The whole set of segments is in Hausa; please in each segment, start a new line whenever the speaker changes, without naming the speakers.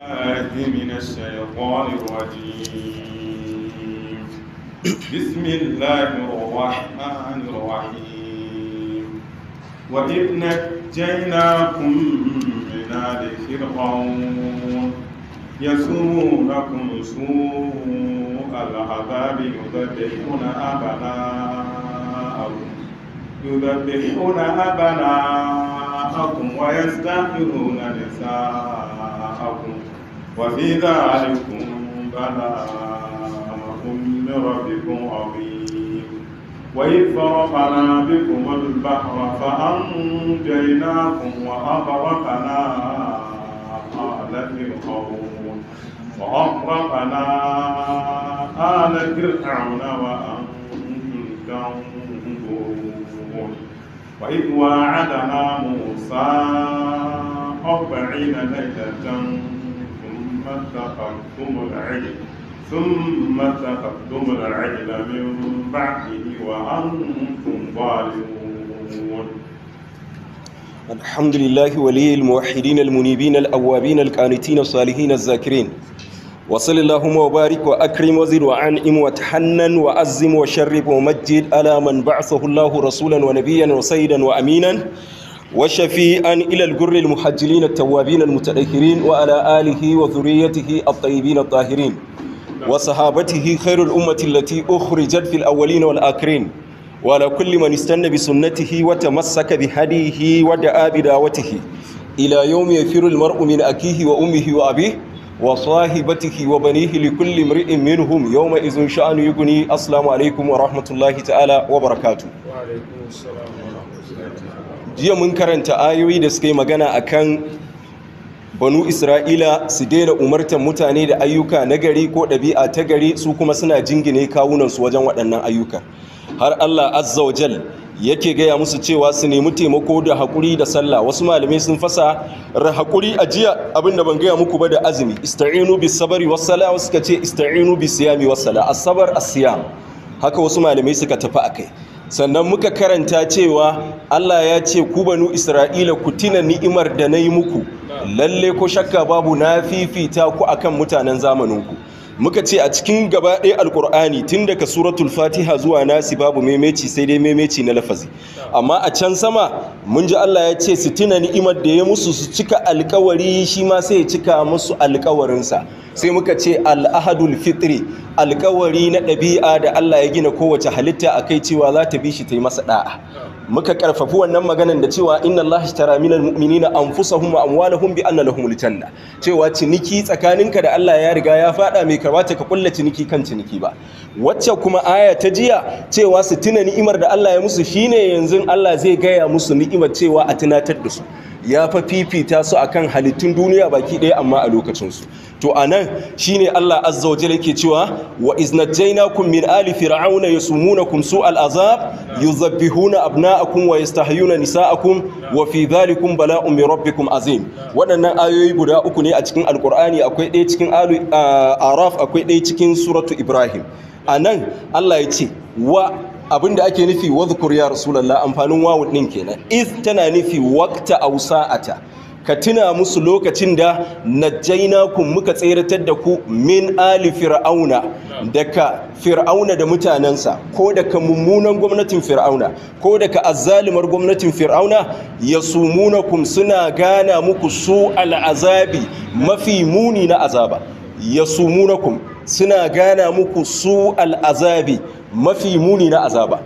من الشيطان الرجيم بسم الله الرحمن الرحيم وإذ نجيناكم من آل فرعون يسومونكم سوء العذاب يذبحون أبناءكم يذبحون أبناءكم ويستحيون نساءكم وفي ذلكم بلاء من ربكم عظيم وإذ فرقنا بكم البحر فأنجيناكم وأغرقنا آل فرعون وأغرقنا آل فرعون وأنتم تنظرون وإذ واعدنا موسى أربعين ليلة تقدم العجل ثم تقدم العجل من بعده وأنتم ظالمون
الحمد لله ولي الموحدين المنيبين الأوابين القانتين الصالحين الذاكرين وصل اللهم وبارك وأكرم وزد وأنعم وتحنن وأزم وشرب ومجد على من بعثه الله رسولا ونبيا وسيدا وأمينا وشفيئا إلى الجر المحجلين التوابين المتأخرين وعلى آله وذريته الطيبين الطاهرين وصحابته خير الأمة التي أخرجت في الأولين والآخرين وعلى كل من استنى بسنته وتمسك بهديه ودعا بدعوته إلى يوم يفر المرء من أكيه وأمه وأبيه وصاحبته وبنيه لكل امرئ منهم يومئذ شأن يغني السلام عليكم ورحمة الله تعالى وبركاته
وعليكم السلام ورحمة الله
jiya mun karanta ayoyi da suka yi magana a kan banu isra'ila su daina umartar mutane da ayyuka na gari ko ɗabi'a ta gari su kuma suna jingine kawunansu wajen waɗannan ayyuka har allah azza wa jal yake gaya musu cewa su nemi taimako da haƙuri da sallah wasu malamai sun fasa haƙuri a jiya abinda ban gaya muku ba da azumi ista'inu bis sabari was sala ce ista'inu bis siyami was sala as haka wasu malamai suka tafi akai sannan muka karanta cewa Allah ya ce ku banu Isra'ila ku tina ni'imar da na yi muku lalle ko shakka babu na fifita ku akan mutanen zamaninku muka ce a cikin gaba ɗaya alkur'ani tun daga suratul fatiha zuwa nasi babu memeci sai dai memeci na lafazi amma a can sama mun ji allah ya ce su tuna ni'imar da ya musu su cika alkawari shi ma sai ya cika musu alkawarinsa sai muka ce al'ahadul fitri alkawari na ɗabi'a da allah ya gina kowace halitta a kai cewa za ta bi shi ta yi masa ɗa'a muka karfafi wannan maganan da cewa inna Allah ishtara minal mu'minina anfusahum wa hun bi annala lahumul janna cewa ciniki tsakaninka da Allah ya riga ya fada mai karwata ka kulla ciniki kan ciniki ba wacce kuma aya ta jiya cewa su tuna ni'imar da Allah ya musu shine yanzu Allah zai gaya musu ni'imar cewa a tunatar da su ya fa fifita su akan halittun duniya baki ɗaya amma a lokacinsu to a nan shi ne Allah azza wa Jala ke cewa wa kun min ali fir'auna zabbi huna abna a kun wa a kun wa fi bala bala'un rabbi kun azim waɗannan ayoyi guda uku ne a cikin Alƙur'ani akwai ɗaya cikin araf akwai ɗaya cikin suratu ibrahim A nan Allah ya ce wa Abin da ake nufi wadhkur ya rasulallah amfanin wawun din kenan iz tana nufi waqta aw sa'ata ka tuna musu lokacin da najjainakum muka tseratar da ku min ali fir'auna daga fir'auna da mutanensa ko daga mummunan gwamnatin fir'auna ko daga azzalimar gwamnatin fir'auna yasumunakum suna gana muku su al'azabi mafi muni na azaba yasumunakum suna gana muku su al'azabi mafi muni na azaba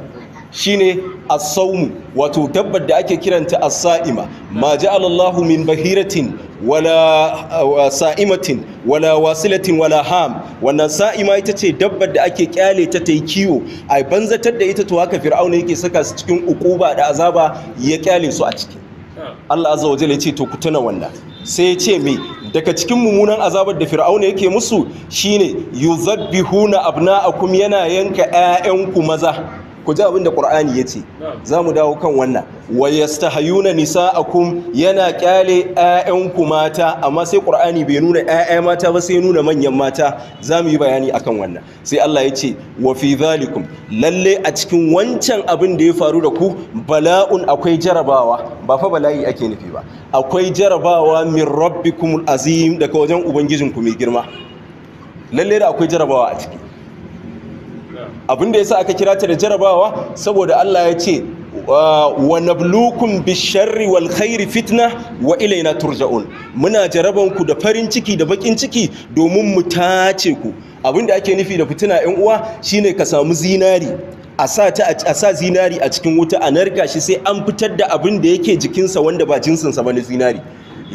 shine as-sawmu wato tabbar da ake kiranta as-sa'ima ma ja'ala Allahu min bahiratin wala uh, sa'imatin wala wasilatin wala ham wannan sa'ima ita ce dabbar da ake kyale ta tayi kiwo ai banzatar da ita to haka fir'auna yake saka su cikin ukuba da azaba ya kyale su a ciki Allah azza wa jalla ya ce to ku tuna wannan sai ya ce me daga cikin mummunan azabar da fir'auna yake musu shine yuzabbihuna abna'akum yana yanka 'ya'yanku maza ku ji abin da ya ce za mu dawo kan wannan a kun yana kyale ku mata amma sai ƙur'ani bai nuna yaya mata ba sai nuna manyan mata Za mu yi bayani a kan wannan sai Allah ya ce fi zalikum lalle a cikin wancan abin da ya faru da ku bala'un akwai jarabawa ba fa bala'i ake nufi ba akwai jarabawa min rabbikumul azim daga wajen ubangijinku mai girma lalle da akwai jarabawa a ciki abin da ya sa aka kira ta da jarabawa saboda Allah ya ce wa nablukum bisharri wal khairi fitna wa ilaina turja'un muna ku da farin ciki da bakin ciki domin mu tace ku Abin da ake nufi da fitina ɗan uwa shine ka samu zinari a sa zinari a cikin wuta a narka shi sai an fitar da abin da yake jikinsa wanda ba jinsinsa ba na zinari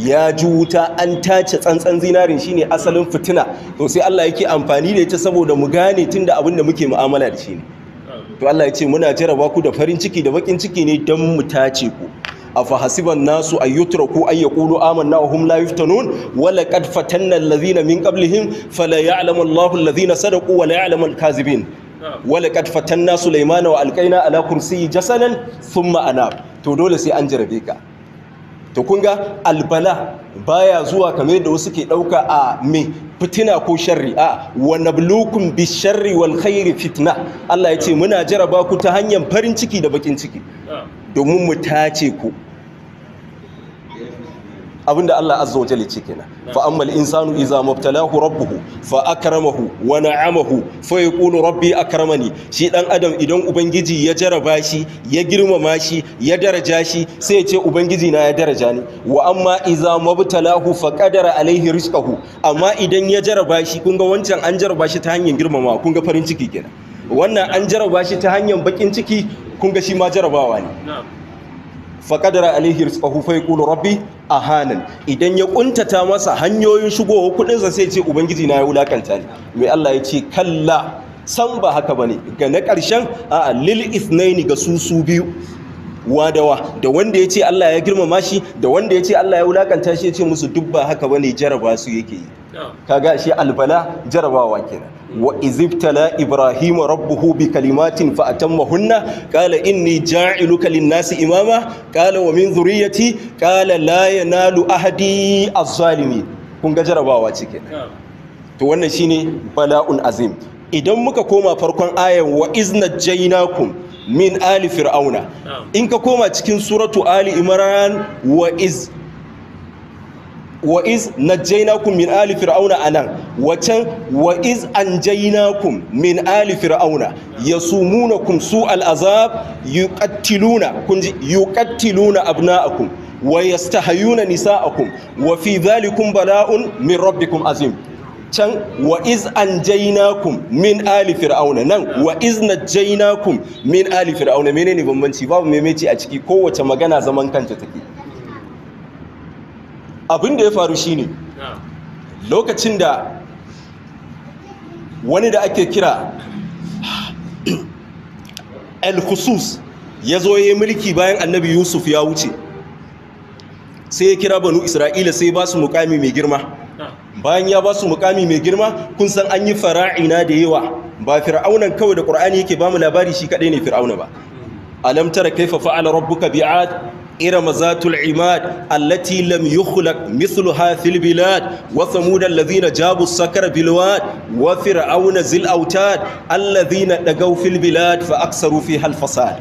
ya ji wuta an tace tsantsan zinarin shine asalin fitina to sai Allah yake amfani da ita saboda mu gane tunda abin da muke mu'amala da shi ne to Allah ya ce muna jaraba ku da farin ciki da bakin ciki ne don mu tace ku afa hasiban nasu ayyutraku ay yaqulu amanna wa hum la yuftanun wa laqad fatanna allazina min qablihim fala ya'lamu Allahu allazina sadaqu wa la ya'lamu al-kadhibin wa laqad fatanna Sulaymana wa alqayna ala kursiyyi jasalan thumma anab to dole sai an jarabe ka to kun ga albala baya zuwa kamar yadda wasu ke ɗauka a me fitina ko sharri a wa nablukum bi sharri wal khairi fitna Allah ya ce muna jaraba ku ta hanyar farin ciki da bakin ciki ah. domin mu tace ku abinda Allah azza wa jalla ce kenan fa ammal insanu iza mubtalahu rabbuhu fa akramahu wa na'amahu fa yaqulu rabbi akramani shi dan adam idan ubangiji ya jaraba shi ya girmama shi ya daraja shi sai ya ce ubangiji na ya daraja ni wa amma iza mubtalahu fa qadara alaihi rizqahu amma idan ya jaraba shi kun ga wancan an jaraba shi ta hanyar girmama kun ga farin ciki kenan wannan an jaraba shi ta hanyar bakin ciki kun ga shi ma jarabawa ne faƙadara alihir tsahu fai ƙulu rabbi a hannun idan ya ƙuntata masa hanyoyin shigowa kuɗinsa sai ce ubangiji na ya wulaƙanta ne mai allah ya ce kalla san ba haka ba ne ga na ƙarshen a lil isnaini ga su su biyu wadawa da wanda ya ce allah ya girmama shi da wanda ya ce allah ya wulaƙanta shi ya ce musu duk ba haka ba ne jaraba su yake yi kaga shi albala jarabawa kenan wa izibtala ibrahima rabbuhu bi kalimatin fa atammahunna qala inni ja'iluka lin-nasi imama qala wa min dhurriyyati qala la yanalu ahadi az-zalimin kun ga jarabawa cike to wannan shine bala'un azim idan muka koma farkon ayan wa iznajjaynakum min ali fir'auna in ka koma cikin suratu ali imran wa iz wa iz najjaynakum min ali fir'auna anan wacan wa iz anjaynakum min ali fir'auna yasumunakum su'al yi ƙattiluna kunji a kun wa a kun wa fi zalikun bala'un min rabbikun azim can wa iz anjaynakum min ali fir'auna nan wa iz najjaynakum min ali fir'auna ne bambanci babu maimaci a ciki kowace magana zaman kanta take abin da ya faru shi ne lokacin da wani da ake kira al-khusus ya zo ya yi mulki bayan annabi yusuf ya wuce sai ya kira banu isra'ila sai ba su mukami mai girma bayan ya ba su mukami mai girma kun san an yi fara'ina da yawa ba fir'aunan kawai da ƙur'ani yake ba mu labari shi kaɗai ne fir'auna ba alamtar kaifafa kaifa rabbuka bi'ad إرم ذات العماد التي لم يخلق مثلها في البلاد وثمود الذين جابوا السكر بالواد وفرعون ذي الأوتاد الذين دقوا في البلاد فأكثروا فيها الفساد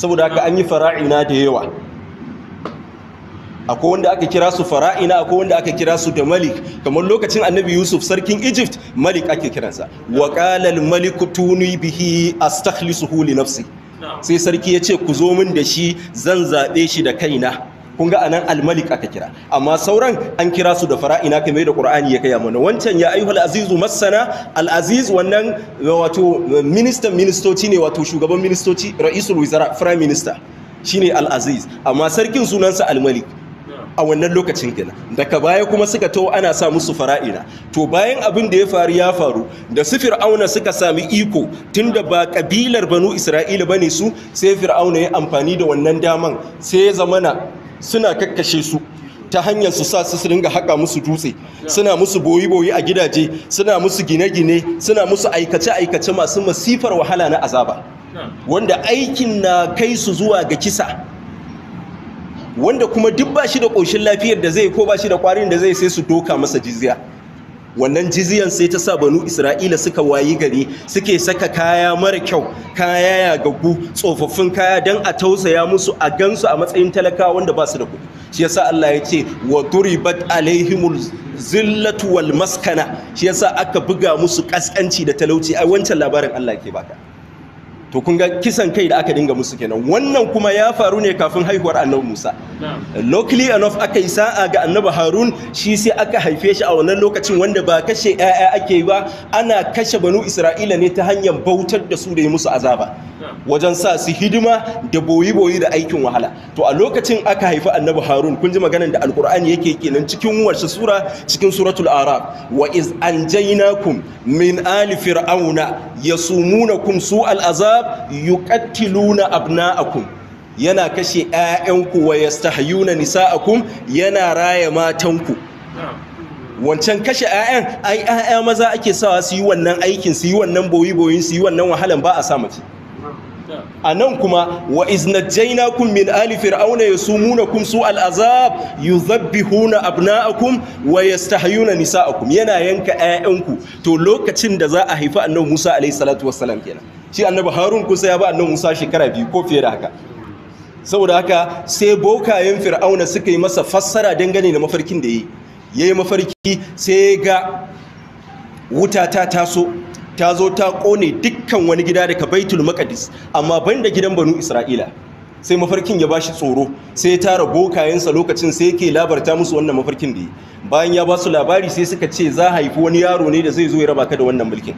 saboda haka an yi fara'ina da yawa akwai wanda aka kira su fara'ina akwai wanda aka kira su da malik kamar lokacin annabi yusuf sarkin egypt malik ake kiransa wa qala al malik tuni bihi astakhlisuhu li nafsi sai sarki ya ce ku zo min da shi zan zaɓe shi da kaina kun ga anan almalik aka kira amma sauran an kira su da fara'ina kamar da qur'ani ya kai mana wancan ya ayyuhal azizu masana al aziz wannan wato ministan ministoci ne wato shugaban ministoci ra'isul wizara prime minister shine al aziz amma sarkin sunansa almalik a wannan lokacin gina daga baya kuma suka to ana sa musu fara'ina to bayan abin da ya faru ya faru da su fir'auna suka sami iko tun da ba kabilar banu isra'ila ba ne su sai fir'auna ya amfani da wannan daman sai ya zamana suna kakkashe su ta hanyar su sa su ringa haƙa musu dutse suna musu boyi-boyi a gidaje suna musu gine-gine suna musu aikace-aikace masu masifar wahala na azaba wanda aikin na kai su zuwa ga kisa wanda kuma duk ba shi da ƙoshin lafiyar da zai ko ba shi da ƙwarin da zai sai su doka masa jizya wannan jiziyan sai ta sa banu isra'ila suka wayi gari suke saka kaya mara kyau kaya gagu tsofaffin kaya don a tausaya musu a gansu a matsayin talakawa wanda ba su da kuɗi shi yasa Allah ya ce wa duribat alaihimul zillatu wal maskana shi yasa aka buga musu kaskanci da talauci ai wancan labarin Allah ke baka to kun ga kisan kai da aka dinga musu kenan wannan kuma ya faru ne kafin haihuwar annabi Musa locally enough aka yi sa'a ga annabi Harun shi sai aka haife shi a wannan lokacin wanda ba kashe ƴaƴa ake yi ba ana kashe banu Isra'ila ne ta hanyar bautar da su da yi musu azaba wajen sa su hidima da boyi boyi da aikin wahala to a lokacin aka haifi annabi Harun kun ji maganar da alkur'ani yake kenan cikin wace sura cikin suratul araf wa iz anjaynakum min ali fir'auna yasumunakum su azab kitab yuqattiluna abna'akum yana kashe ayyanku wa yastahyuna nisa'akum yana raya matanku wancan kashe ƴaƴan ai ayya maza ake sawa su yi wannan aikin su yi wannan boyi boyin su yi wannan wahalan ba a sa mace a nan kuma wa iznajjainakum min ali fir'auna yasumunakum su al'azab yuzabbihuna abna'akum wa yastahyuna nisa'akum yana yanka ayyanku to lokacin da za a haifi annabi Musa alayhi salatu wassalam kenan shi annabi harun kusa ya ba annan musa shekara biyu ko fiye da haka saboda haka sai bokayen fir'auna suka yi masa fassara dangane da mafarkin da yi ya yi mafarki sai ga wuta ta taso ta zo ta kone dukkan wani gida daga baitul makadis amma da gidan banu isra'ila sai mafarkin ya bashi tsoro sai ya tara bokayensa lokacin sai ke labarta musu wannan mafarkin da yi bayan ya ba su labari sai suka ce za haifi wani yaro ne da zai zo ya raba ka da wannan mulkin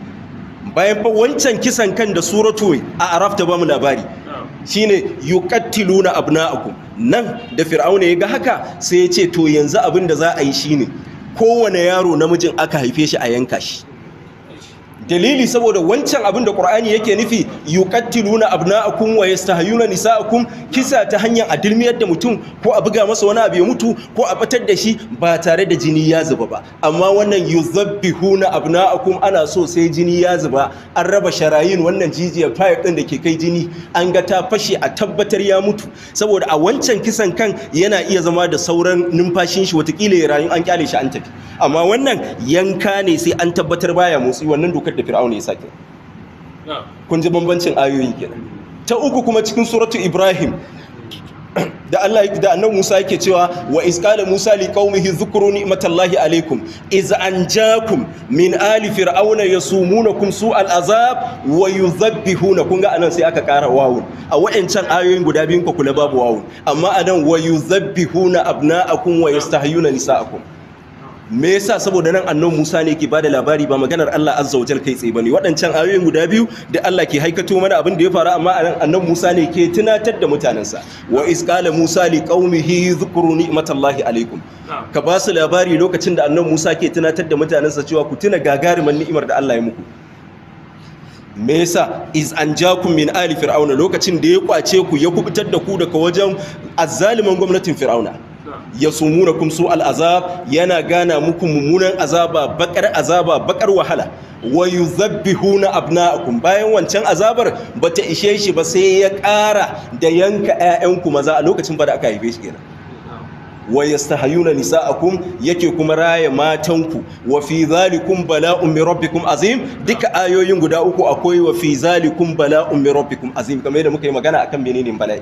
bayan fa wancan kisan kan da suratu a araf ta bamu labari shine yuqattiluna abna'akum nan da fir'auna ya ga haka sai ya ce to yanzu abin da za a yi shine kowane yaro namijin aka haife shi a yanka shi dalili saboda wancan abin da ƙur'ani yake nufi yuqattiluna abna'akum wa a nisa'akum kisa ta hanyar adilmiyar da mutum ko a buga masa wani abu ya mutu ko a batar da shi ba tare da jini ya zuba ba amma wannan yuzabbihuna abna'akum ana so sai jini ya zuba an raba sharayin wannan jijiyar fayar ɗin da ke kai jini an ga ta fashe a tabbatar ya mutu saboda a wancan kisan kan yana iya zama da sauran numfashin shi watakila ya rayu an kyale shi an tafi amma wannan yanka ne sai an tabbatar baya motsi wannan dokar shirkar da fir'auna ya sake kun ji bambancin ayoyin kenan ta uku kuma cikin suratu ibrahim da Allah da annabi Musa yake cewa wa isqala Musa liqaumihi dhkuru ni'matallahi alaykum iz anjakum min ali fir'auna yasumunakum su'al azab wa yudhabbihuna kun ga anan sai aka kara wawu a wayancan ayoyin guda biyun ku kula babu wawu amma anan wa yudhabbihuna abna'akum wa yastahyuna nisa'akum me yasa saboda nan annon Musa ne ke bada labari ba maganar Allah azza wajal kai tsaye bane waɗancan ayoyin guda biyu da Allah ke haikato mana abin da ya faru amma anan annon Musa ne ke tunatar da mutanensa wa iz qala Musa li qaumihi dhkuru ni'matallahi alaikum ka ba su labari lokacin da annon Musa ke tunatar da mutanensa cewa ku tuna gagarumin ni'imar da Allah ya muku me yasa iz anjakum min ali fir'auna lokacin da ya kwace ku ya kubutar da ku daga wajen azzaliman gwamnatin fir'auna ya sumuna kum su al'azab yana gana muku mummunan azaba bakar azaba bakar wahala wa yuzabbihuna abna'akum bayan wancan azabar bata ishe shi ba sai ya ƙara da yanka 'ya'yanku maza a lokacin ba da aka haife shi kenan wa yastahayuna nisa'akum yake kuma raya matanku wa fi zalikum bala'un min rabbikum azim duka ayoyin guda uku akwai wa fi zalikum bala'un min rabbikum azim kamar yadda muka yi magana akan menene bala'i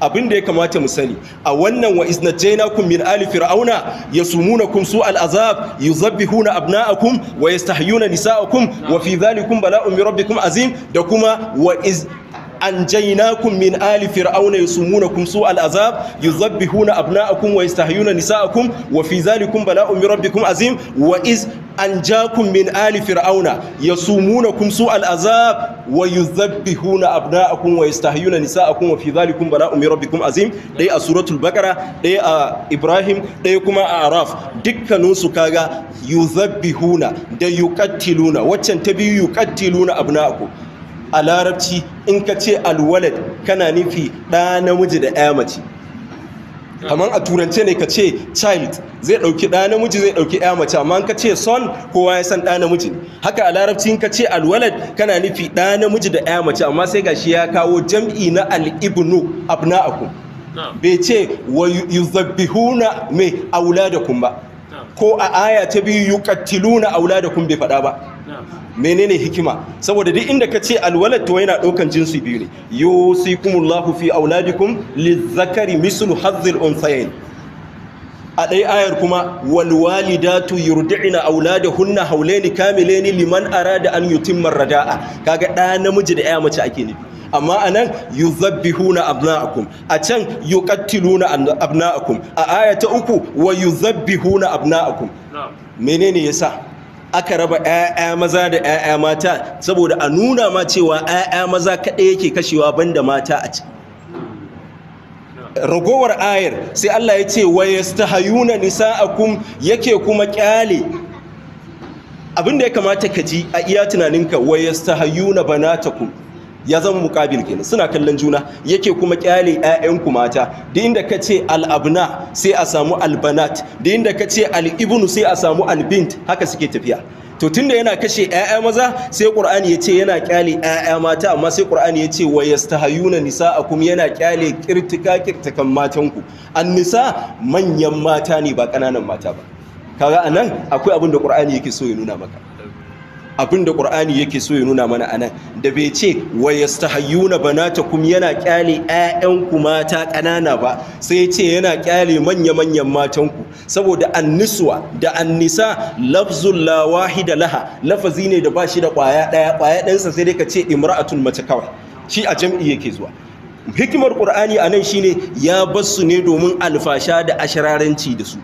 abin da ya kamata mu sani a wannan wa iznajaynakum min ali fir'auna yasumunakum su'al azab yuzabbihuna abna'akum wa yastahayuna nisa'akum wa fi zalikum bala'un min rabbikum azim da kuma wa iz An anjaynakum min ali fir'auna yusumunakum su'al azab yuzabbihuna abna'akum wa yastahyuna nisa'akum wa fi zalikum bala'un min rabbikum azim wa iz anjakum min ali fir'auna yasumunakum su'al al'azab? wa yuzabbihuna abna'akum wa yastahyuna nisa'akum wa fi zalikum bala'un min rabbikum azim dai a suratul baqara dai a ibrahim dai kuma a araf dukkanin su kaga yuzabbihuna da yuqattiluna waccan ta biyu yuqattiluna abna'akum a larabci in ka ce alwalad kana nufi ɗa namiji da ɗaya mace kamar a turance ne ka ce child zai ɗauki ɗa namiji zai ɗauki ɗaya mace amma ka ce son kowa ya san ɗa namiji haka a larabci in ka ce alwalad kana nufi ɗa namiji da ɗaya mace amma sai gashi ya kawo jam'i na al'ibnu abna'akum bai ce wa yuzabbihuna mai auladakum ba ko a aya ta biyu yuqattiluna auladakum bai faɗa ba menene hikima saboda duk inda ka ce alwalad to yana ɗaukan jinsi biyu ne yusikumullahu fi auladikum lizakari mislu hazzil unsayin a ɗai ayar kuma walwalidatu yurdi'na auladahunna haulaini kamilaini liman arada an yutimma rada'a kaga ɗa namiji da ƴa mace ake nufi amma anan yuzabbihuna abna'akum a can yuqattiluna abna'akum a aya ta uku wa yuzabbihuna abna'akum menene yasa aka raba ƴaƴa maza da ƴaƴa mata saboda a nuna ma cewa ƴaƴa maza kaɗai yake kashewa banda mata a ciki ragowar ayar sai Allah ya ce wa yastahayuna nisa'akum yake kuma kyale abinda ya kamata ka ji a iya tunaninka wa yastahayuna banatakum ya zama mukabil kenan suna kallon juna yake kuma kyale ƴaƴanku mata da inda ka ce al-abna sai a samu albanat da inda ka ce al-ibnu sai a samu albint haka suke tafiya to tunda yana kashe ƴaƴa maza sai qur'ani ya ce yana kyale ƴaƴa mata amma sai qur'ani ya ce wa yastahayuna nisaakum yana kyale kirtika kirtikan matanku nisa manyan mata ne ba kananan mata ba kaga anan akwai abin da qur'ani yake so ya nuna maka abin da ƙur'ani yake so ya nuna mana anan da bai ce wa banata kuma yana kyale ku mata ƙanana ba sai ce yana kyale manya manyan matanku saboda anniswa da annisa lafzun lawahi da laha lafazi ne da ba shi da ƙwaya ɗaya ƙwaya ɗansa sai dai ka ce imra'atun mace kawai shi a jam'i yake zuwa hikimar ƙur'ani a nan shine ya basu ne domin alfasha da ashararanci da su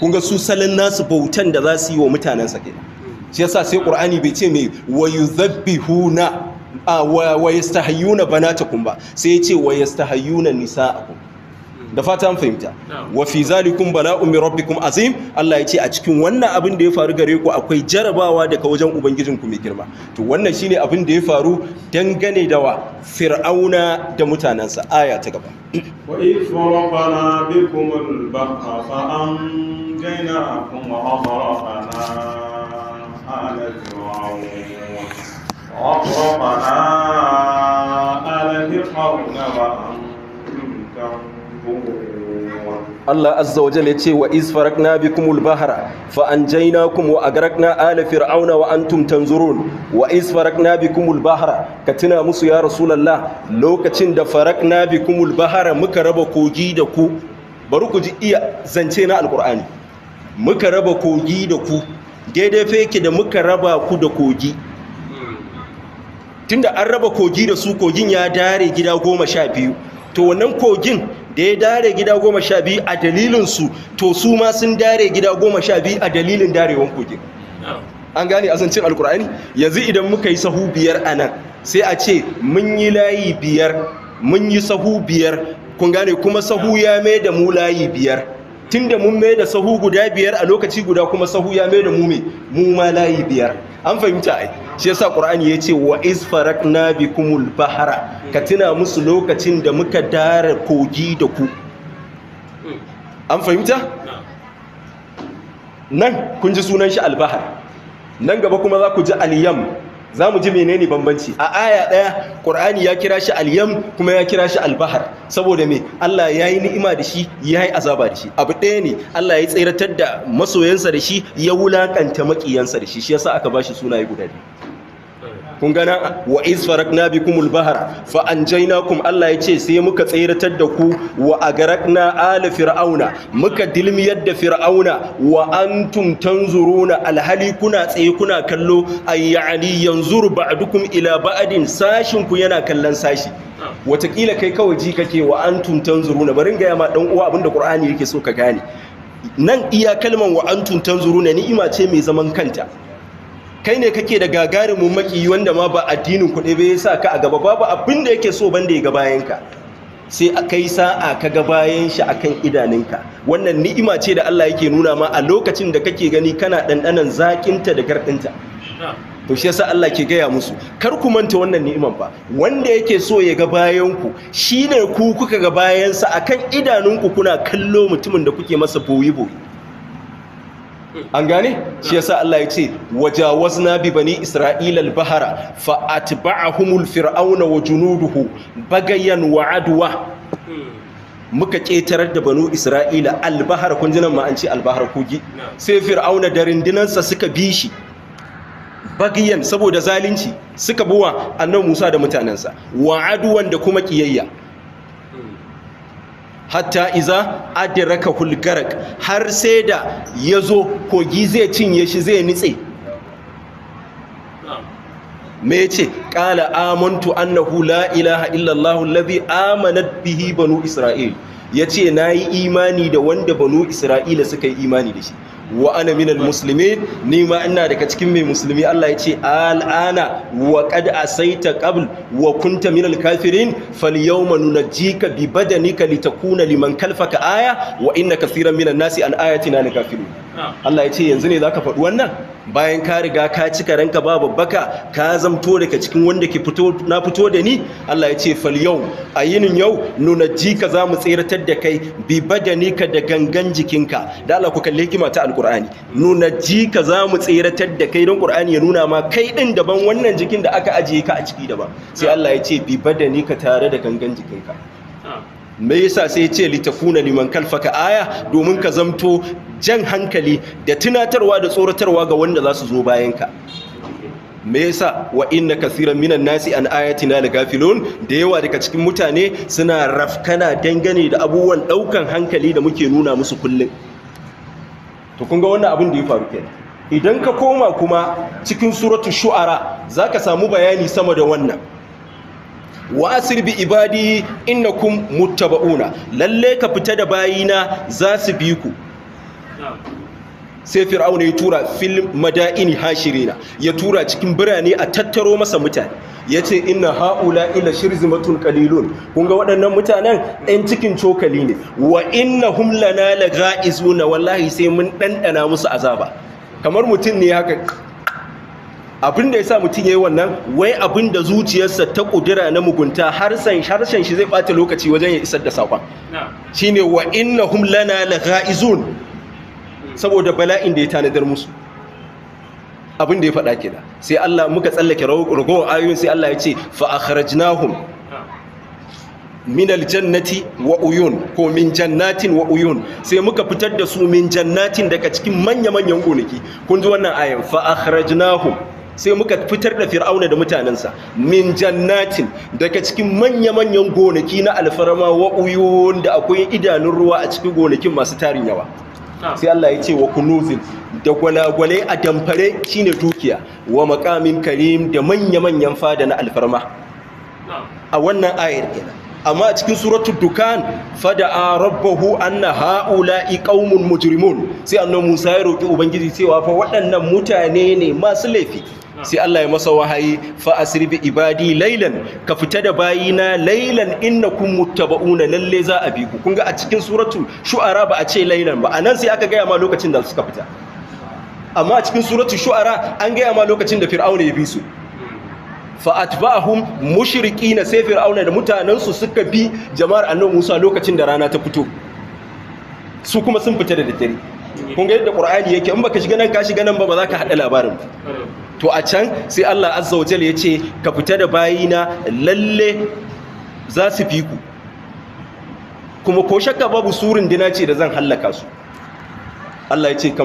kun ga su salin nasu bautan da za su yi wa mutanensa kenan shi yasa sai qur'ani bai ce mai wayuzabbihuna wa yastahyuna banatakum ba sai ya ce wa nisa'akum da fata an fahimta wa fi zalikum bala'un min rabbikum azim Allah ya ce a cikin wannan abin da ya faru gare ku akwai jarabawa daga wajen ubangijin ku mai girma to wannan shine abin da ya faru dangane da wa fir'auna da mutanansa aya ta gaba
wa bikum al-bahra fa anjaynakum wa
Allah azza wa jalla yace wa iz farakna bikumul bahra fa anjaynakum wa agrakna ala fir'auna wa antum tanzurun wa iz farakna bikumul bahra ka tuna musu ya rasulullah lokacin da farakna bikumul bahra muka raba kogi da ku bari ku ji iya zance na alqur'ani muka raba kogi da ku daidai fa da muka raba ku da kogi tunda an raba kogi da su kogin ya dare gida goma sha biyu to wannan kogin da ya dare gida goma sha biyu a dalilinsu to su ma sun dare gida goma sha biyu a dalilin darewan kogin an gane asancin alkur'ani yanzu idan muka yi sahu biyar a nan sai a ce mun yi layi biyar mun yi sahu biyar kun gane kuma sahu ya mai da mu layi biyar da mun mai da sahu guda biyar a lokaci guda kuma sahu ya mai da mu me ma layi biyar an fahimta ai shi yasa qur'ani ce wa iz farakna bikumul bahara ka tuna musu lokacin da muka dare kogi da ku an fahimta nan kun ji sunan shi albahar nan gaba kuma za ku ji alyam za mu ji menene bambanci a aya ɗaya ƙur'ani ya kira shi alyam kuma ya kira shi albahar saboda me Allah ya yi ni'ima da shi ya yi azaba da shi abu ɗaya ne Allah ya tsiratar da masoyansa da shi ya wulaƙanta maƙiyansa da shi shi yasa aka ba shi sunaye guda biyu kun gana wa Isfarak bi kumul bahara fa an jaina kum Allah ya ce sai muka tsiratar da ku wa agarakna ala fir'auna muka dilmiyar da fir'auna wa antum tanzuruna alhali kuna tsaye kuna kallo ayyani yanzuru ba'dukum ila ba'din sashin ku yana kallon sashi watakila kai kawai ji kake wa antum tanzuruna bari ga ma dan uwa abinda qur'ani yake so ka gane nan iya kalman wa antum tanzuruna ni'ima ce mai zaman kanta kai ne kake da gagarumin maki wanda ma ba addinin kuɗi ya sa ka a gaba babu abin da yake so ban da ya ga bayanka sai a kai sa'a ka ga bayan shi akan idaninka wannan ni'ima ce da Allah yake nuna ma a lokacin da kake gani kana ɗanɗanan zaƙinta da garɗinta to shi yasa Allah ke gaya musu kar ku manta wannan ni'iman ba wanda yake so ya ga bayanku, ku shine ku kuka ga bayansa akan idanunku kuna kallo mutumin da kuke masa boyi boyi an gane shi yasa Allah ya ce wajawazna bi bani isra'ila al-bahara fa atba'ahumul fir'auna wa junuduhu bagayan wa adwa muka ketar da banu isra'ila al-bahara kun jinan ma an ce al-bahara kogi sai fir'auna da sa suka bi shi bagayan saboda zalunci suka buwa annabi Musa da mutanansa wa adwan da kuma kiyayya hatta iza adiraka hulgarak har sai da yazo kogi zai cinye shi zai nitse me yace qala amantu annahu la ilaha illa allah allazi amanat bihi banu isra'il yace nayi imani da wanda banu isra'ila suka yi imani da shi wa ana minal musulmi ni ma ina daga cikin mai musulmi Allah ya ce al'ana wa a asaita qabl wa kunta minal kafirin falyawma nunajjika bi badanika litakuna liman kalfaka aya wa inna kaseeran minan nasi an ayatina lakafirun Allah ya ce yanzu ne za ka faɗi wannan bayan ka riga ka cika ranka ba babbaka ka zamto daga cikin wanda ke fito na fito da ni Allah ya ce fal yau a yinin yau nuna jika za mu tsiratar da kai bi badani ka da gangan jikinka da Allah ku kalle hikima ta alqur'ani nuna jika za mu tsiratar da kai don qur'ani ya nuna ma kai din daban wannan jikin da aka ajiye ka a ciki daban sai Allah ya ce bi badani ka tare da gangan jikinka me yasa sai ya ce litafuna liman kalfaka aya domin ka zamto jan hankali da tunatarwa da tsoratarwa ga wanda za su zo bayanka me yasa wa inna kaseeran minan nasi an ayatina lagafilun da yawa daga cikin mutane suna rafkana dangane da abubuwan daukan hankali da muke nuna musu kullum to kun ga wannan abin da ya faru kenan idan ka koma kuma cikin suratul shu'ara zaka samu bayani sama da wannan wa asir bi ibadi innakum muttaba'una lalle ka fita da bayina za su bi ku sai fir'auna ya tura fil madaini hashirina ya tura cikin birane a tattaro masa mutane ya ce ina ha'ula ila matun kalilun kun waɗannan mutanen ɗan cikin cokali ne wa ina humlana la na wallahi sai mun ɗanɗana musu azaba kamar mutum ne haka abin da ya sa mutum ya yi wannan wai abin da zuciyarsa ta ƙudira na mugunta harshen shi zai bata lokaci wajen ya isar da saƙon shi ne wa ina humlana la ga'izun saboda bala'in da ya tanadar musu abin da ya faɗa da, sai Allah muka tsallake ragowar ayoyin sai Allah ya ce fa min aljannati wa uyun ko min jannatin wa uyun sai muka fitar da su min jannatin daga cikin manya-manyan gonaki kun ji wannan ayan fa sai muka fitar da fir'auna da mutanensa min jannatin daga cikin manya-manyan gonaki na alfarama wa uyun da akwai idanun ruwa a cikin gonakin masu tarin yawa sai Allah ya ce wa kunuzin da gwalagwale a damfare shine dukiya wa makamin karim da manya-manyan fada na alfarma a wannan ayar gina amma a cikin suratu dukan a rabbahu na haula qaumun mujrimun sai annabi Musa ya roƙi ubangiji cewa fa waɗannan mutane ne masu laifi sai Allah ya masa wahayi fa asri ibadi laylan ka fita da bayina laylan innakum muttaba'una lalle za a bi ku kun ga a cikin suratu shu'ara ba a ce laylan ba anan sai aka gaya ma lokacin da suka fita amma a cikin suratu shu'ara an gaya ma lokacin da fir'auna ya bi su atba'ahum mushrikin sai fir'auna da mutanensu suka bi jama'ar annabi Musa lokacin da rana ta fito su kuma sun fita da daddare kun ga yadda qur'ani yake in baka shiga nan ka shiga nan ba ba za ka hada labarin to a can sai Allah azza wa jalla yace ka fita da bayina lalle za su fi ku kuma ko shakka babu surin dina ce da zan hallaka su Allah yace ku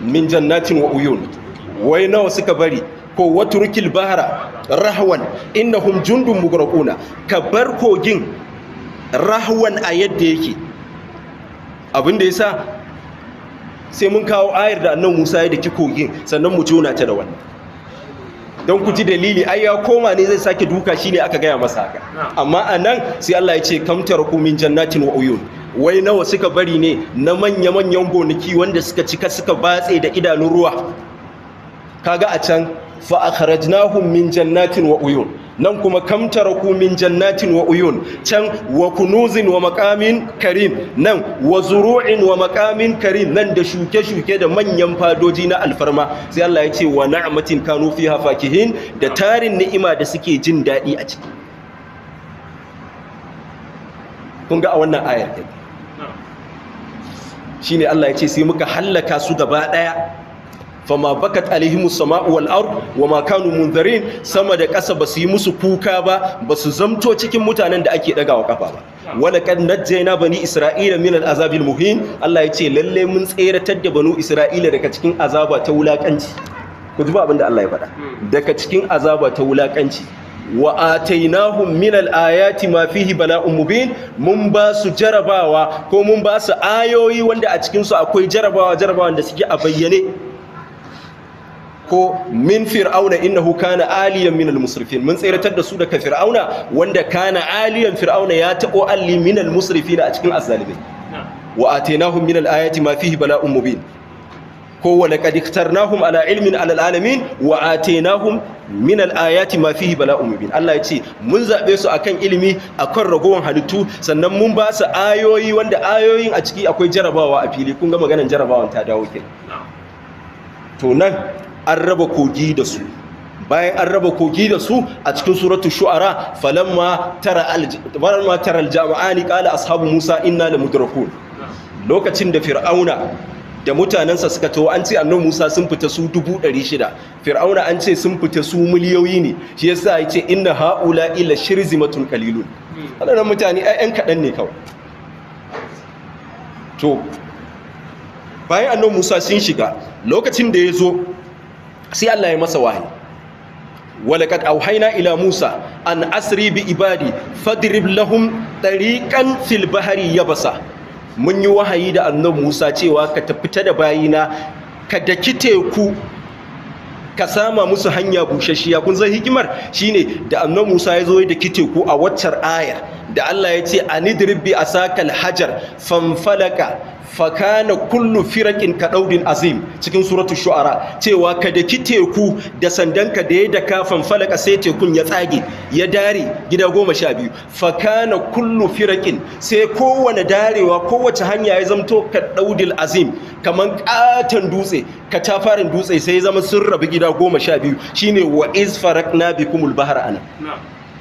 min jannatin wa uyun wai nawa suka bari ko waturkil bahara rahwan innahum jundun mugraquna ka bar kogin rahwan a yadda yake abin da yasa sai mun kawo ayar da annan musa ya da ki kogin sannan mu jona ta da wannan don ku ji dalili ai ya koma ne zai sake duka shi ne aka gaya masa haka amma a nan sai allah ya ce kamtar ku min jannatin wa uyun wai nawa suka bari ne na manya-manyan gonaki wanda suka cika suka batse da idanun ruwa kaga a can fa akhrajnahum min jannatin wa uyun nan kuma kamtara min jannatin wa uyun can wa kunuzin wa makamin karim nan wa zuru'in wa makamin karim nan da shuke-shuke da manyan fadoji na alfarma sai Allah ya ce wa na'amatin kanu fiha fakihin da tarin ni'ima da suke jin daɗi a ciki kun ga a wannan ayar ɗin shine Allah ya ce sai muka hallaka su gaba ɗaya fama bakat alihimu sama'u wal ard wama kanu munzarin sama da ƙasa basu yi musu kuka ba basu zamto cikin mutanen da ake dagawa kafa ba wala kad najjayna bani isra'ila min al azabil muhin Allah ya ce lalle mun tseratar da banu isra'ila daga cikin azaba ta wulakanci ku ji ba abin da Allah ya faɗa daga cikin azaba ta wulakanci wa min al-ayati ma fihi bala'un mubin mun ba su jarabawa ko mun ba su ayoyi wanda a cikin su akwai jarabawa jarabawa da suke a bayyane ko min fir'auna innahu kana aliyan minal musrifin mun tsiratar da su daga fir'auna wanda kana aliyan fir'auna ya tabo alli minal musrifin a cikin azzalibai wa atainahum minal ayati ma fihi bala'un mubin ko wa laqad ikhtarnahum ala ilmin alal alamin wa atainahum minal ayati ma fihi bala'un mubin Allah ya ce mun zabe su akan ilimi akan ragowan halittu sannan mun ba su ayoyi wanda ayoyin a ciki akwai jarabawa a fili kun ga maganar jarabawan ta dawo kenan to nan an raba kogi da su bayan an raba kogi da su a cikin suratul shu'ara falamma tara al tara al-jama'ani qala ashabu musa inna lamudrakun lokacin da fir'auna da mutanensa suka taho an ce annon musa sun fita su dubu dari shida fir'auna an ce sun fita su miliyoyi ne shi yasa ya ce inna ha'ula ila shirzimatun kalilun waɗannan mutane ‘yan kaɗan ne kawai to bayan annon musa sun shiga lokacin da ya zo sai Allah ya masa wahayi walaqad auhaina ila Musa an asri bi ibadi fadrib lahum tariqan fil bahri yabasa mun yi wahayi da annabi Musa cewa ka tafita da bayina ka daki teku ka sama musu hanya bushashiya kun san hikimar shine da annabi Musa ya zo da teku a waccar aya da Allah ya ce anidrib bi asakal hajar fanfalaka fakana kullu firakin kadaudin azim cikin suratul shu'ara cewa ka daki teku da sandanka da ya daka fanfalaka sai tekun ya tsage ya dare gida goma sha biyu fakana kullu firakin sai kowane darewa kowace hanya ya zamto kadaudil azim kaman katan dutse ka katafarin dutse sai ya zama sun rabu gida goma sha biyu shine wa iz farakna bikumul bahra ana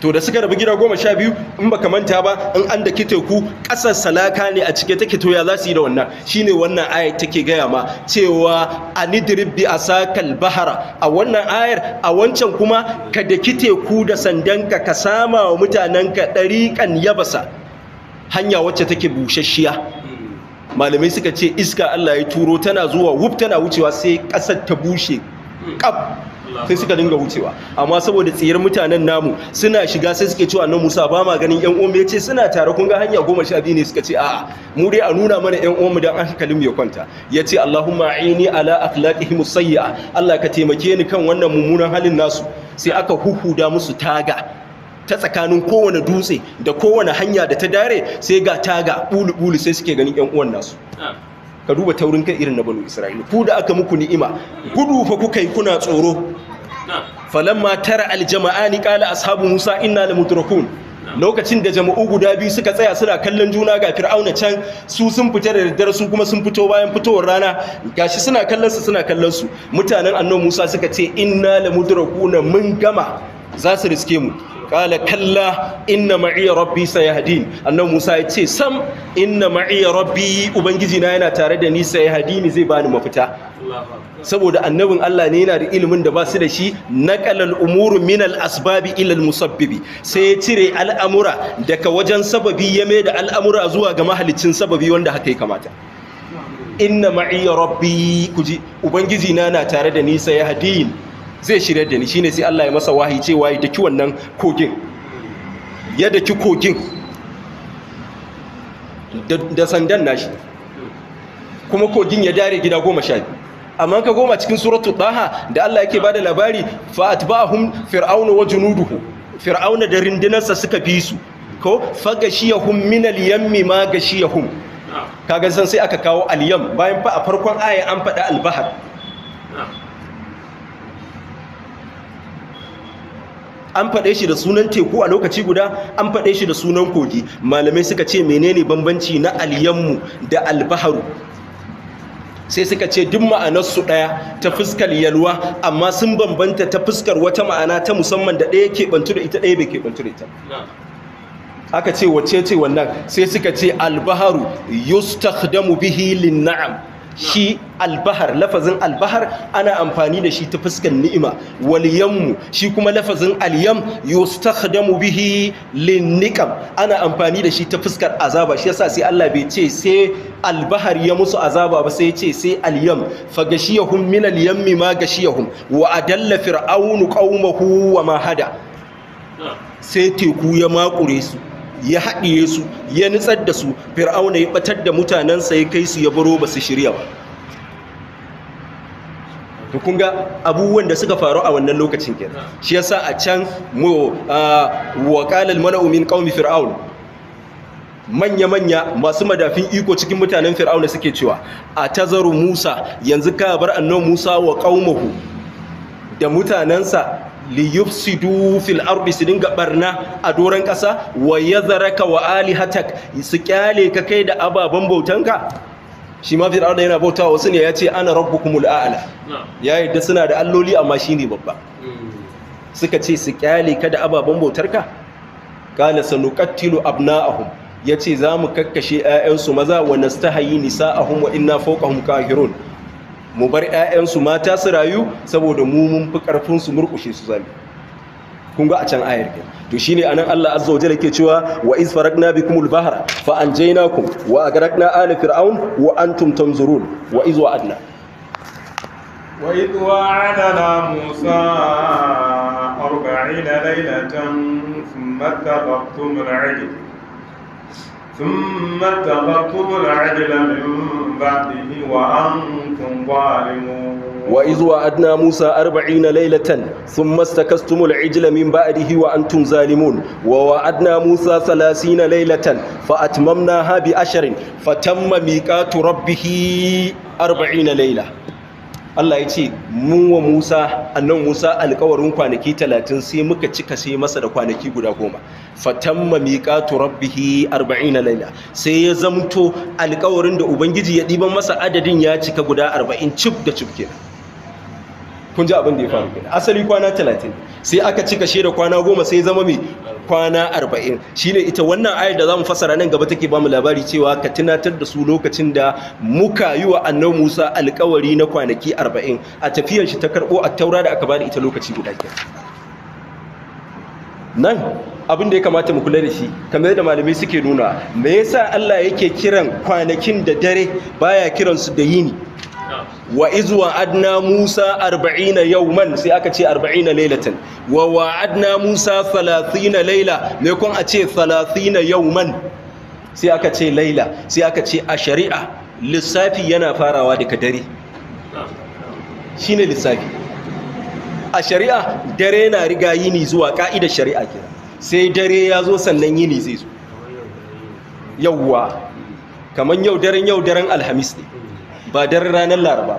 to da suka rabu gida goma sha biyu in baka manta ba in an da teku ƙasar salaka ne a cike take to ya za su yi da wannan shine wannan ayar take gaya ma cewa anidrib bi asakal bahara a wannan ayar a wancan kuma ka da teku da sandanka ka sama wa mutanenka ɗariƙan yabasa hanya wacce take busasshiya malamai suka ce iska Allah ya turo tana zuwa wuf tana wucewa sai ƙasar ta bushe ƙaf sai suka dinga wucewa amma saboda tsiyar mutanen namu suna shiga sai suke cewa nan musa ba ma ganin yan ya ce suna tare kun ga hanya goma sha biyu ne suka ce a'a mu dai a nuna mana yan uwan mu an hankalin mu ya kwanta yace allahumma aini ala akhlaqihim sayya allah ka taimake ni kan wannan mummunan halin nasu sai aka huhuda musu taga ta tsakanin kowane dutse da kowane hanya da ta dare sai ga taga bulu-bulu sai suke ganin 'yan uwan nasu ka duba taurin kai irin na banu isra'ila ku da aka muku ni'ima gudu fa kuka yi kuna tsoro falamma tara aljama'ani qala ashabu musa inna lamutrakun lokacin da jama'u guda biyu suka tsaya suna kallon juna ga fir'auna can su sun fita da daddare su kuma sun fito bayan fitowar rana gashi suna kallon su suna kallon su mutanen annabi Musa suka ce inna lamudrakuna mun gama za su riske mu kala kalla inna ma'iya rabbi sayahdin annabi Musa ya ce sam inna ma'iya rabbi ubangiji na yana tare da ni hadini zai bani mafita saboda annabin Allah ne yana da ilimin da ba su da shi naqalal umuru min al asbabi ila al musabbibi sai ya cire al'amura daga wajen sababi ya mai da al'amura zuwa ga mahalicin sababi wanda haka ya kamata inna ma'iya rabbi kuji ubangiji na na tare da ni sayahdin zai shirya da ni shine sai Allah ya masa wahayi cewa ya daki wannan kogin ya daki kogin da sandan nashi kuma kogin ya dare gida goma sha amma ka goma cikin suratu daha da Allah yake bada labari fa atba'ahum fir'auna wa junuduhu fir'auna da rindinarsa suka bi su ko fagashiyahum min al-yammi ma gashiyahum kaga san sai aka kawo al-yam bayan fa a farkon aya an faɗa al bahar an faɗe shi da sunan teku a lokaci guda an faɗe shi da sunan kogi malamai suka ce menene bambanci na aliyanmu da albaharu sai suka ce duk ma'anarsu ɗaya ta fuskar yalwa amma sun bambanta ta fuskar wata ma'ana ta musamman da ɗaya keɓantu da ita ɗaya bai keɓantu da ita aka ce wacce ce wannan sai suka ce albaharu yustakdamu bihi lin na'am shi albahar lafazin albahar ana amfani da shi ta fuskan ni'ima waliyammu shi kuma lafazin alyam yustakhdamu bihi linniqam ana amfani da shi ta fuskar azaba shi yasa sai Allah bai ce sai albahar ya musu azaba ba sai ya ce sai alyam fagashiyahum min alyammi ma gashiyahum wa adalla fir'aunu qaumahu wa ma hada ah. sai teku ya makure su ya haɗiye su ya nutsar da su fir'auna ya ɓatar da mutanensa ya kai su ya baro ba su shirya ba to kun ga abubuwan da suka faru a wannan lokacin kira, shi yasa a can wakalar wa qalal fir'aun manya-manya masu madafin iko cikin mutanen fir'auna suke cewa a tazaru musa yanzu ka bar annon musa wa ƙaumahu da mutanensa liyufsidu fil ardi su dinga barna a doron ƙasa wa zaraka wa alihatak su kyale ka kai da ababen bautanka shi ma fir'auna yana bauta wasu ne ya ce ana rabbukumul a'la ya yadda suna da alloli amma shine babba hmm. suka ce su kyale ka da ababen bautarka qala sanuqattilu abna'ahum yace zamu kakkashe ayyansu maza wa nastahayi nisa'ahum wa inna fawqahum qahirun mu bar 'ya'yansu mata su rayu saboda mu mun fi ƙarfin su murƙushe su zabi kun ga a can ayar ke to shine anan Allah azza wa jalla ke cewa wa iz faraqna bikumul bahra fa anjaynakum wa agraqna ala fir'aun wa antum tanzurun wa iz wa'adna
wa iz wa'adna musa 40 laylatan thumma tabaqtum al ثم تقطب العجل من بعده وأنتم ظالمون
وإذ وعدنا موسى أربعين ليلة ثم استكستم العجل من بعده وأنتم ظالمون ووعدنا موسى ثلاثين ليلة فأتممناها بأشر فتم ميقات ربه أربعين ليلة Allah ya ce mun wa Musa annan Musa alƙawarin kwanaki 30 sai muka cika sai masa da kwanaki guda goma fatamma miqatu rabbih 40 laila sai ya zamto alƙawarin da ubangiji ya diban masa adadin ya cika guda 40 cif da cif kenan kun ji abin da ya faru kenan asali kwana 30 sai aka cika shi da kwana goma sai zama mai kwana arba'in shi ne ita wannan ayar da za mu fasara nan gaba take ba mu labari cewa ka tunatar da su lokacin da muka yi wa annabi musa alkawari na kwanaki arba'in a tafiyar shi ta karbo a taura da aka bada ita lokaci guda nan abin da ya kamata mu kula da shi kamar yadda malamai suke nuna me yasa Allah yake kiran kwanakin da dare baya ya kiransu da yini wa izuwa adna musa yau yawman sai aka ce arba'ina lailatan wa adna musa falathina laila ne kun a ce yau yawman sai aka ce laila sai aka ce a shari'a lissafi yana farawa daga dare Shi ne lissafi a shari'a dare na riga yini zuwa ka'idar shari'a kira sai dare ya zo sannan yini zai zo yawwa kamar yau daren yau daren alhamis ne ba daren ranar laraba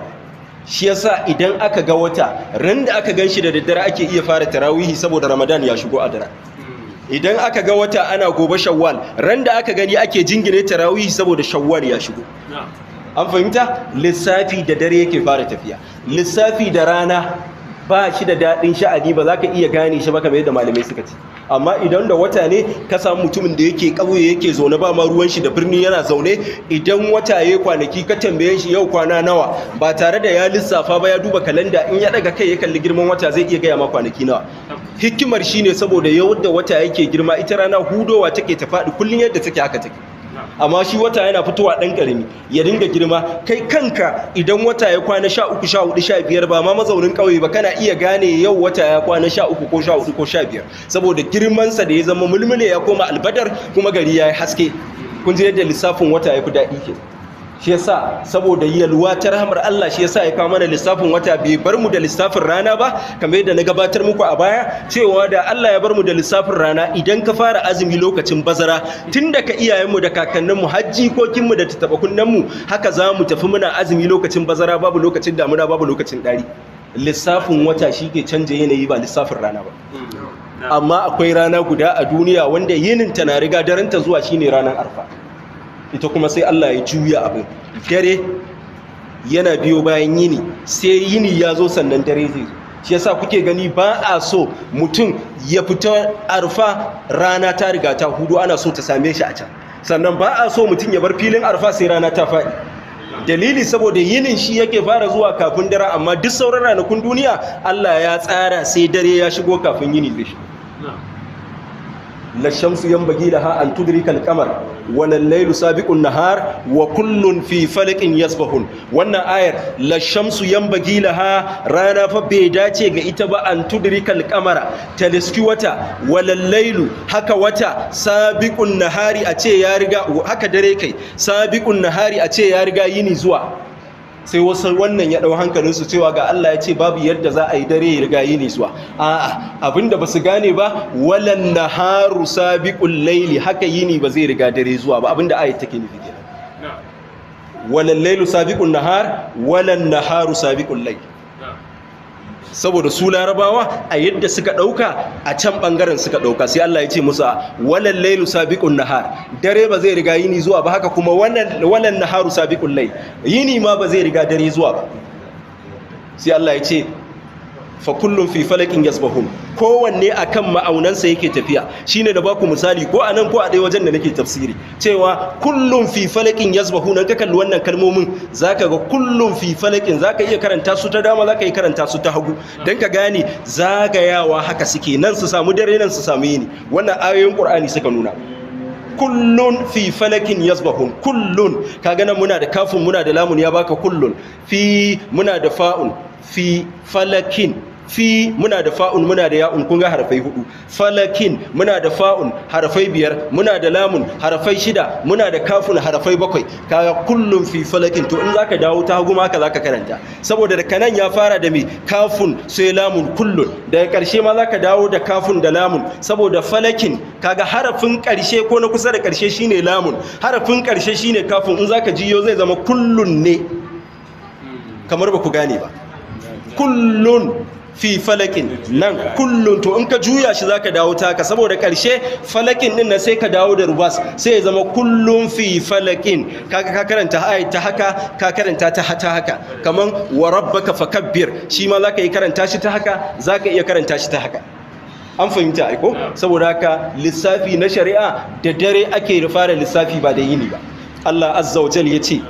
shi yasa idan aka ga wata ran da aka gan shi da daddare ake iya fara tarawihi saboda ramadan ya shigo a dara idan aka ga wata ana gobe shawwal ran da aka gani ake jingine tarawihi saboda shawwal ya shigo an fahimta lissafi da dare yake fara tafiya lissafi da rana ba shi da daɗin sha'adi ba za ka iya gane shi ba kamar yadda malamai suka ce amma idan da wata ne ka samu mutumin da yake ƙauye yake zaune ba ma ruwan shi da birni yana zaune idan wata ya kwanaki ka tambaye shi yau kwana nawa ba tare da ya lissafa ba ya duba kalanda in ya daga kai ya kalli girman wata zai iya gaya ma kwanaki nawa hikimar shine saboda yau da wata yake girma ita rana hudowa take ta faɗi kullun yadda take haka take amma shi wata yana fitowa ɗan ƙarami ya dinga girma kai kanka idan wata ya kwana sha uku sha hudu sha biyar ba ma mazaunin ƙauye ba kana iya gane yau wata ya kwana sha uku ko sha hudu ko sha biyar saboda girmansa da ya zama mulmule ya koma albadar kuma gari ya yi haske kun ji yadda lissafin wata ya fi daɗi ke shi yasa saboda yalwa ta rahmar Allah shi yasa ya kawo mana lissafin wata bai bar mu da lissafin rana ba kamar yadda na gabatar muku a baya cewa da Allah ya bar mu da lissafin rana idan ka fara azumi lokacin bazara tun daga iyayenmu da kakanninmu ko mu da mu haka za mu tafi muna azumi lokacin bazara babu lokacin damuna babu lokacin ɗari lissafin wata shi ke canza yanayi ba lissafin rana ba mm. amma akwai rana guda a duniya wanda yinin ta na riga ta zuwa shine ranar arfa ita kuma sai Allah ya juya abin dare yana biyo bayan yini sai yini ya zo sannan dare zai zo shi yasa kuke gani ba a so mutum ya fita arfa rana ta riga ta hudu ana so ta same shi a can sannan ba a so mutum ya bar filin arfa sai rana ta faɗi dalili saboda yinin shi yake fara zuwa kafin dare amma duk sauran ranakun duniya Allah ya tsara sai dare ya shigo kafin yini zai shi. la shamsu yanbaghi laha an tudrika al-qamar wa al nahar wa kullun fi falakin yasbahun wannan ayar yan bagi da ha rana fa bai dace ga ita ba an tudrika al ta riski wata wa al haka wata nahari a ce ya riga haka dare kai sabiƙun nahari a ce ya riga yini zuwa sai wasu wannan ya ɗau hankalinsu cewa ga Allah ya ce babu yadda za a yi dare ya riga yi yini zuwa. a'a abinda ba su gane ba walan naharu sabiqul layli haka ne ba zai riga dare zuwa ba abinda ayat take nufi
kenan
walan laylu sabiqun nahar walan naharu sabiqul layli saboda su larabawa a yadda suka ɗauka a can ɓangaren suka ɗauka sai Allah ya ce musa walan laylu sabiqun nahar dare ba zai riga yini zuwa ba haka kuma walan naharu sabiqun layl yini ma ba zai riga dare zuwa ba sai Allah ya ce fa kullum fi falakin yasbahun kowanne akan ma'aunansa yake tafiya shine da baku misali ko anan ko a dai wajen da nake tafsiri cewa kullum fi falakin yasbahun ka kalli wannan kalmomin zaka ga kullum fi falakin zaka iya karanta su ta dama zaka iya karanta su ta hagu dan ka gane zagayawa haka suke nan su samu dare nan su samu yini wannan ayoyin qur'ani suka nuna kullun fi falakin yasbahun kullun kaga nan muna da kafin muna da lamun ya baka kullun fi muna da fa'un fi falakin fi muna da fa'un muna da ya'un kun ga harfai hudu falakin muna da fa'un harafai biyar muna da lamun harafai shida muna da kafun harafai bakwai kaga kullum fi falakin to in zaka dawo ta hagu za zaka karanta saboda daga nan ya fara da mai kafun sai lamun kullum daga karshe ma zaka dawo da kafun da lamun saboda falakin kaga harafin karshe ko na kusa da karshe shine lamun harafin karshe shine kafun in zaka jiyo zai zama kullum ne kamar ba ku gane ba kullun fi falakin nan kullun to in ka juya shi zaka dawo taka saboda karshe falakin din na sai ka dawo da rubas sai ya zama kullun fi falakin kaga ka karanta ayat ta haka ka karanta ta hata haka kaman wa rabbaka fakabbir shi ma zaka yi karanta shi ta haka zaka iya karanta shi ta haka an fahimta aiko saboda haka lissafi na shari'a da dare ake rufa da lissafi ba da yini ba Allah azza wa jalla yace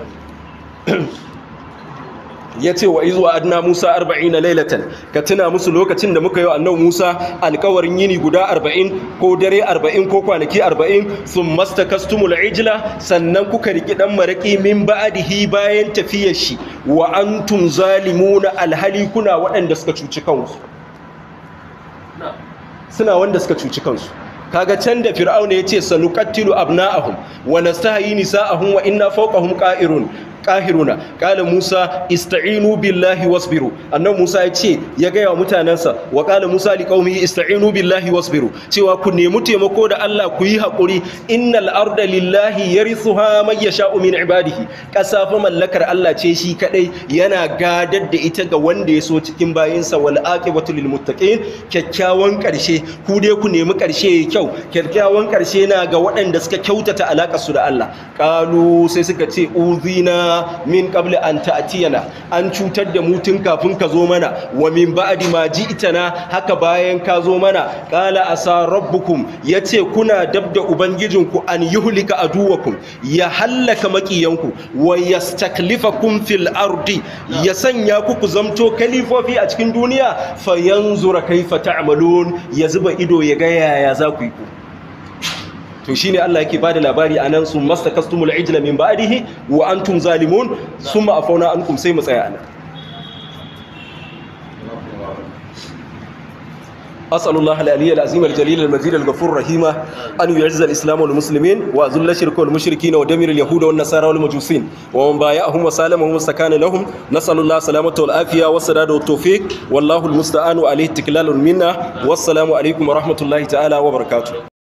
ya ce wa izuwa adna musa arba'in na lailatan ka tuna musu lokacin da muka yi annabi musa alkawarin yini guda arba'in ko dare arba'in ko kwanaki arba'in sun masta kastumul ijila sannan kuka riki dan maraki min ba'adihi bayan tafiyar shi wa antum zalimuna alhali kuna waɗanda suka cuci kansu suna wanda suka cuci kansu kaga can da fir'auna yace sanuqattilu abna'ahum wa nastahi nisa'ahum wa inna fawqahum qa'irun qahiruna qala musa ista'inu billahi wasbiru Annan musa ya ce ya gaya wa mutanensa wa qala musa liqaumihi ista'inu billahi wasbiru cewa ku nemi taimako da Allah ku yi hakuri innal arda lillahi yarithuha man yasha'u min ibadihi kasa fa mallakar Allah ce shi kadai yana gadar da ita ga wanda ya so cikin bayinsa wal aqibatu lil muttaqin kyakkyawan karshe ku dai ku nemi karshe kyau kyakkyawan karshe na ga waɗanda suka kyautata alaƙar su da Allah qalu sai suka ce uzina min qabli an ta'tiyana an cutar da mu tun kafin ka zo mana wa min ba'di ma ji'tana haka bayan ka zo mana qala asa rabbukum yace kuna dabda ubangijinku an yuhlika aduwakum ya hallaka makiyanku wa yastaklifakum fil ardi ya sanya ku ku zamto kalifofi a cikin duniya fa yanzura kaifa ta'malun ya zuba ido ya ga yaya za ku yi ku to shine Allah yake bada labari anan sun mastakastumul ijla min ba'dihi wa antum zalimun summa afawna ankum sai mu tsaya anan أسأل الله العلي العظيم الجليل المجيد الغفور الرحيم أن يعز الإسلام والمسلمين وأذل الشرك والمشركين ودمر اليهود والنصارى والمجوسين ومن بايعهم وسالمهم واستكان لهم نسأل الله السلامة والعافية والسداد والتوفيق والله المستعان وعليه التكلال منا والسلام عليكم ورحمة الله تعالى وبركاته